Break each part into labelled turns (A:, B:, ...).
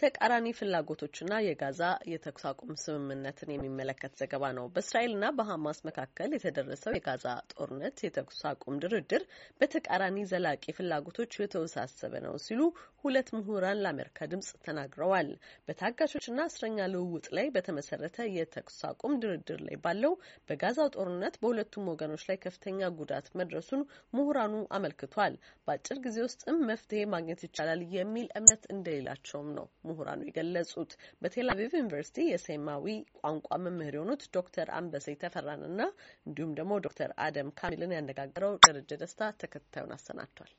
A: ተቃራኒ ፍላጎቶችና የጋዛ የተኩስ አቁም ስምምነትን የሚመለከት ዘገባ ነው። በእስራኤልና በሐማስ መካከል የተደረሰው የጋዛ ጦርነት የተኩስ አቁም ድርድር በተቃራኒ ዘላቂ ፍላጎቶች የተወሳሰበ ነው ሲሉ ሁለት ምሁራን ለአሜሪካ ድምጽ ተናግረዋል። በታጋቾችና እስረኛ ልውውጥ ላይ በተመሰረተ የተኩስ አቁም ድርድር ላይ ባለው በጋዛ ጦርነት በሁለቱም ወገኖች ላይ ከፍተኛ ጉዳት መድረሱን ምሁራኑ አመልክቷል። በአጭር ጊዜ ውስጥም መፍትሄ ማግኘት ይቻላል የሚል እምነት እንደሌላቸውም ነው ምሁራኑ የገለጹት። በቴል አቪቭ ዩኒቨርሲቲ የሴማዊ ቋንቋ መምህር የሆኑት ዶክተር አንበሴ ተፈራንና እንዲሁም ደግሞ ዶክተር አደም ካሚልን ያነጋገረው ደረጀ ደስታ ተከታዩን አሰናድቷል።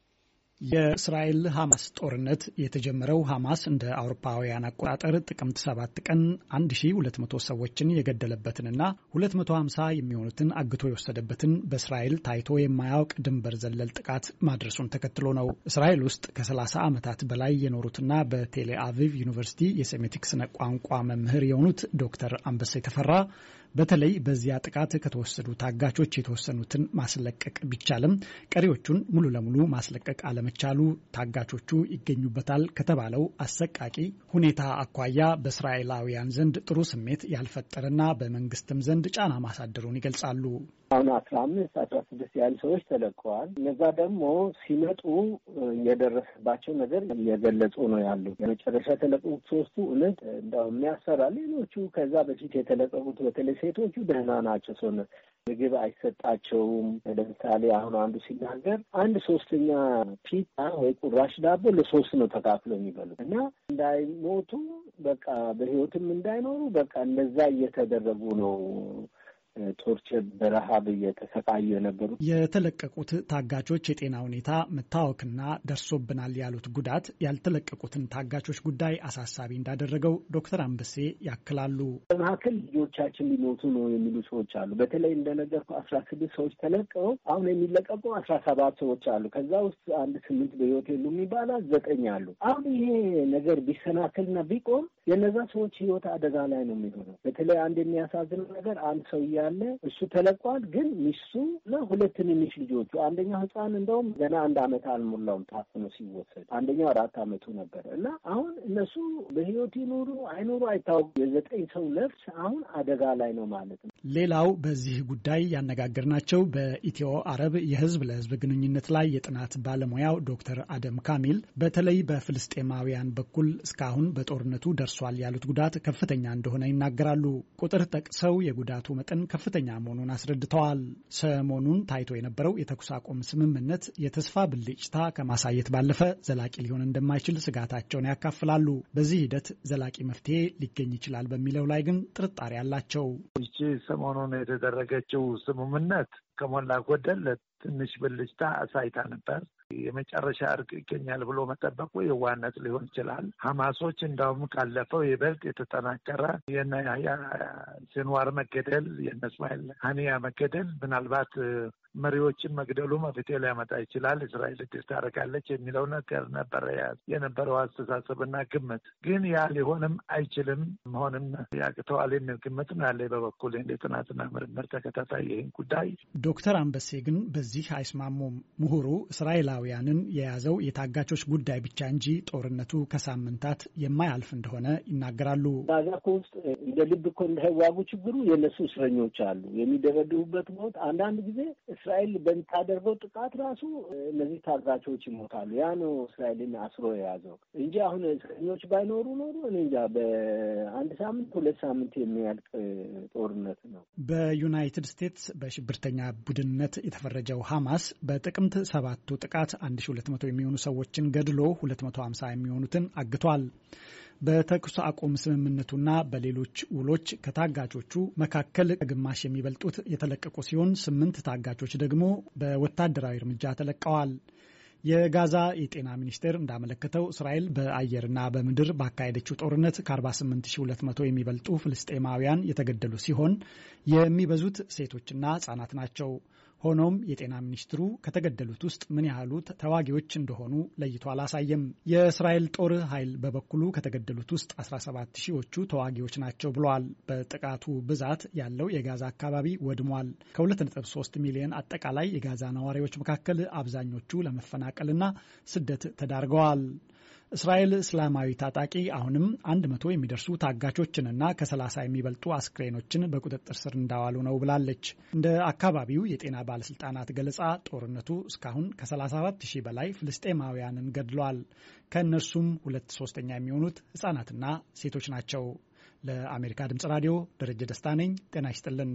B: የእስራኤል ሐማስ ጦርነት የተጀመረው ሐማስ እንደ አውሮፓውያን አቆጣጠር ጥቅምት 7 ቀን 1200 ሰዎችን የገደለበትንና 250 የሚሆኑትን አግቶ የወሰደበትን በእስራኤል ታይቶ የማያውቅ ድንበር ዘለል ጥቃት ማድረሱን ተከትሎ ነው። እስራኤል ውስጥ ከ30 ዓመታት በላይ የኖሩትና በቴሌ አቪቭ ዩኒቨርሲቲ የሴሜቲክ ስነ ቋንቋ መምህር የሆኑት ዶክተር አንበሳ የተፈራ በተለይ በዚያ ጥቃት ከተወሰዱ ታጋቾች የተወሰኑትን ማስለቀቅ ቢቻልም ቀሪዎቹን ሙሉ ለሙሉ ማስለቀቅ አለ ባለመቻሉ ታጋቾቹ ይገኙበታል ከተባለው አሰቃቂ ሁኔታ አኳያ በእስራኤላውያን ዘንድ ጥሩ ስሜት ያልፈጠረና በመንግስትም ዘንድ ጫና ማሳደሩን ይገልጻሉ።
A: አሁን አስራ አምስት አስራ ስድስት ያህል ሰዎች ተለቀዋል። እነዛ ደግሞ ሲመጡ የደረሰባቸው ነገር እየገለጹ ነው ያሉ። የመጨረሻ የተለቀቁት ሶስቱ እውነት እንደው የሚያሰራ፣ ሌሎቹ ከዛ በፊት የተለቀቁት በተለይ ሴቶቹ ደህና ናቸው። ሰውነት ምግብ አይሰጣቸውም። ለምሳሌ አሁን አንዱ ሲናገር አንድ ሶስተኛ ፒታ ወይ ቁራሽ ዳቦ ለሶስት ነው ተካፍሎ የሚበሉት እና እንዳይሞቱ በቃ በህይወትም እንዳይኖሩ በቃ እንደዛ እየተደረጉ ነው ቶርቸር በረሃብ እየተሰቃዩ የነበሩት
B: የተለቀቁት ታጋቾች የጤና ሁኔታ መታወክና ደርሶብናል ያሉት ጉዳት ያልተለቀቁትን ታጋቾች ጉዳይ አሳሳቢ እንዳደረገው ዶክተር አንበሴ ያክላሉ። በመካከል
A: ልጆቻችን ሊሞቱ ነው የሚሉ ሰዎች አሉ። በተለይ እንደነገርኩ አስራ ስድስት ሰዎች ተለቀው አሁን የሚለቀቁ አስራ ሰባት ሰዎች አሉ። ከዛ ውስጥ አንድ ስምንት በህይወት የሉ የሚባል ዘጠኝ አሉ። አሁን ይሄ ነገር ቢሰናክልና ቢቆም የነዛ ሰዎች ህይወት አደጋ ላይ ነው የሚሆነው። በተለይ አንድ የሚያሳዝነው ነገር አንድ ሰውያ አለ። እሱ ተለቋል። ግን ሚስቱ እና ሁለት ትንንሽ ልጆቹ አንደኛው ህፃን እንደውም ገና አንድ አመት አልሞላውም ታፍኖ ሲወሰድ፣ አንደኛው አራት አመቱ ነበር እና አሁን እነሱ በህይወት ይኑሩ አይኑሩ አይታወቅም የዘጠኝ ሰው ነፍስ አሁን አደጋ ላይ ነው ማለት ነው።
B: ሌላው በዚህ ጉዳይ ያነጋገርናቸው በኢትዮ አረብ የህዝብ ለህዝብ ግንኙነት ላይ የጥናት ባለሙያው ዶክተር አደም ካሚል በተለይ በፍልስጤማውያን በኩል እስካሁን በጦርነቱ ደርሷል ያሉት ጉዳት ከፍተኛ እንደሆነ ይናገራሉ። ቁጥር ጠቅሰው የጉዳቱ መጠን ከፍተኛ መሆኑን አስረድተዋል። ሰሞኑን ታይቶ የነበረው የተኩስ አቁም ስምምነት የተስፋ ብልጭታ ከማሳየት ባለፈ ዘላቂ ሊሆን እንደማይችል ስጋታቸውን ያካፍላሉ። በዚህ ሂደት ዘላቂ መፍትሄ ሊገኝ ይችላል በሚለው ላይ ግን ጥርጣሬ አላቸው። ይቺ ሰሞኑን የተደረገችው ስምምነት ከሞላ ጎደል ትንሽ ብልጭታ አሳይታ ነበር። የመጨረሻ እርቅ ይገኛል ብሎ መጠበቁ የዋነት ሊሆን ይችላል። ሀማሶች እንዳውም ካለፈው ይበልጥ የተጠናከረ የነ ያህያ ሲንዋር መገደል፣ የነ እስማኤል ሀኒያ መገደል ምናልባት መሪዎችን መግደሉ መፍትሄ ሊያመጣ ይችላል፣ እስራኤል ትታረቃለች የሚለው ነገር ነበረ የነበረው አስተሳሰብና ግምት። ግን ያ ሊሆንም አይችልም መሆንም ያቅተዋል የሚል ግምት ነው ያለ በበኩል እንደ ጥናትና ምርምር ተከታታይ ይህን ጉዳይ ዶክተር አንበሴ ግን በዚህ አይስማሙም። ምሁሩ እስራኤላውያንን የያዘው የታጋቾች ጉዳይ ብቻ እንጂ ጦርነቱ ከሳምንታት የማያልፍ እንደሆነ ይናገራሉ።
A: ጋዛ ውስጥ እንደ ልብ እኮ እንዳይዋጉ ችግሩ የነሱ እስረኞች አሉ የሚደበድቡበት ሞት አንዳንድ ጊዜ እስራኤል በምታደርገው ጥቃት ራሱ እነዚህ ታጋቾች ይሞታሉ። ያ ነው እስራኤልን አስሮ የያዘው እንጂ አሁን እስረኞች ባይኖሩ ኖሩ እኔ እንጃ በአንድ ሳምንት ሁለት ሳምንት የሚያልቅ ጦርነት ነው።
B: በዩናይትድ ስቴትስ በሽብርተኛ ቡድንነት የተፈረጀው ሐማስ በጥቅምት ሰባቱ ጥቃት መቶ የሚሆኑ ሰዎችን ገድሎ መቶ ሀምሳ የሚሆኑትን አግቷል። በተኩስ አቁም ስምምነቱና በሌሎች ውሎች ከታጋቾቹ መካከል ግማሽ የሚበልጡት የተለቀቁ ሲሆን ስምንት ታጋቾች ደግሞ በወታደራዊ እርምጃ ተለቀዋል። የጋዛ የጤና ሚኒስቴር እንዳመለከተው እስራኤል በአየርና በምድር ባካሄደችው ጦርነት ከ48200 የሚበልጡ ፍልስጤማውያን የተገደሉ ሲሆን የሚበዙት ሴቶችና ህጻናት ናቸው። ሆኖም የጤና ሚኒስትሩ ከተገደሉት ውስጥ ምን ያህሉ ተዋጊዎች እንደሆኑ ለይቶ አላሳየም። የእስራኤል ጦር ኃይል በበኩሉ ከተገደሉት ውስጥ 17 ሺዎቹ ተዋጊዎች ናቸው ብለዋል። በጥቃቱ ብዛት ያለው የጋዛ አካባቢ ወድሟል። ከ2.3 ሚሊዮን አጠቃላይ የጋዛ ነዋሪዎች መካከል አብዛኞቹ ለመፈናቀልና ስደት ተዳርገዋል። እስራኤል እስላማዊ ታጣቂ አሁንም አንድ መቶ የሚደርሱ ታጋቾችንና ከ30 የሚበልጡ አስክሬኖችን በቁጥጥር ስር እንዳዋሉ ነው ብላለች። እንደ አካባቢው የጤና ባለስልጣናት ገለጻ ጦርነቱ እስካሁን ከ34 ሺህ በላይ ፍልስጤማውያንን ገድሏል። ከእነርሱም ሁለት ሶስተኛ የሚሆኑት ህጻናትና ሴቶች ናቸው። ለአሜሪካ ድምጽ ራዲዮ ደረጀ ደስታ ነኝ። ጤና ይስጥልን።